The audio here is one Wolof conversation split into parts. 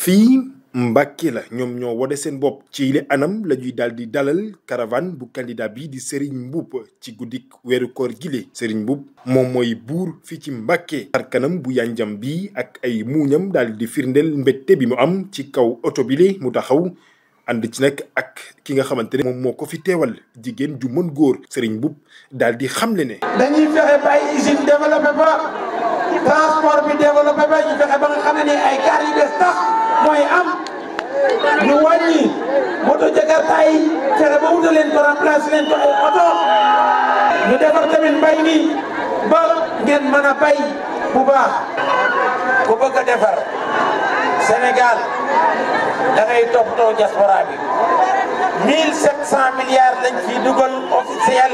fi Mbàkke la ñoom ñoo wode seen bopp ci yile anam la ñuy daal di dalal caravane bu candidat bi di sëriñ Mboup ci guddik weeru koor gile Serigne Mboup moom mooy buur fii ci Mbàkke xar kanam bu yanjam bi ak ay muuñam daldi di firndeel mbégte bi mu am ci kaw oto bile mu taxaw ànd ci nag ak ki nga xamante ne moom moo ko fi teewal jigéen ju mën góor Serigne Mboup daal di xamle ne. dañuy fexe ba ay usine développé ba transport bi développé ba ñu fexe ba nga xam ne ay gaar yu bees tax mooy am ñu wàññi moto jakarta yi fexe ba wuta leen ko remplacer leen ko ay oto ñu defar tamit mbay mi ba ngeen mën bay bu baax. ku bëgg a defar Sénégal da ngay toppatoo diaspora bi 1700 milliards lañ ciy dugal officiel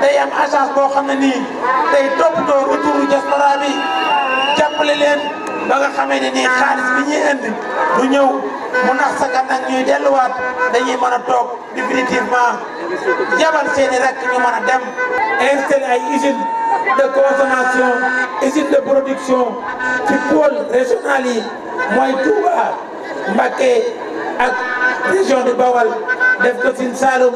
day am agence boo xam ne nii day toppatoo retouru diaspora bi leen ba nga xamee ne nii xaalis bi ñuy indi bu ñëw mu nax sa kan nag ñuy delluwaat dañuy mën a toog définitivement jabal seeni rek ñu mën a dem installé ay usine de consommation usine de ci pôle régional yi mooy Touba Mbacké ak région de Bawal def ko Sine Saloum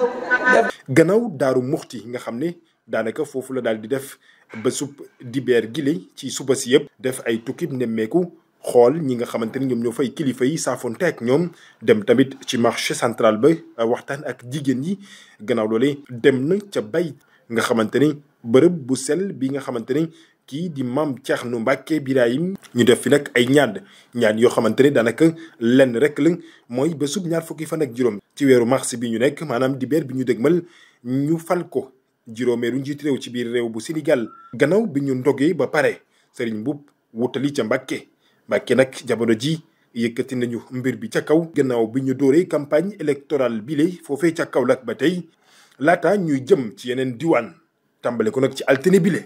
gannaaw Daaru Muxti nga xam ne daanaka foofu la daal di def ba sub dibeer gile ci suba si yëpp. def ay tukkib nemmeeku. xool ñi nga xamante ni ñoom ñoo fay kilifa yi saafonte ak ñoom dem tamit ci marché central ba waxtaan ak jigéen yi gannaaw loole dem na ca bay nga xamante ni bërëb bu sel bi nga xamante ni kii di maam nu Mbacke Birahim ñu def fi nag ay ñaan ñaan yoo xamante ni daanaka lenn rek la mooy ba bésub ñaar fukki fan ak juróom ci weeru mars bi ñu nekk maanaam dibeer bi ñu dëgmal ñu fal ko juróomeeru njiit ci biir réew bu Sénégal gannaaw bi ñu ndogee ba pare Serigne Mboup wutali ca Mbacke Mbacke nag jamono ji yëkkati nañu mbir bi ca kaw gannaaw bi ñu dooree campagne électorale bi lay foofee ca Kaolack ba tey laata ñuy jëm ci yeneen diwaan tàmbale ko nag ci altine bile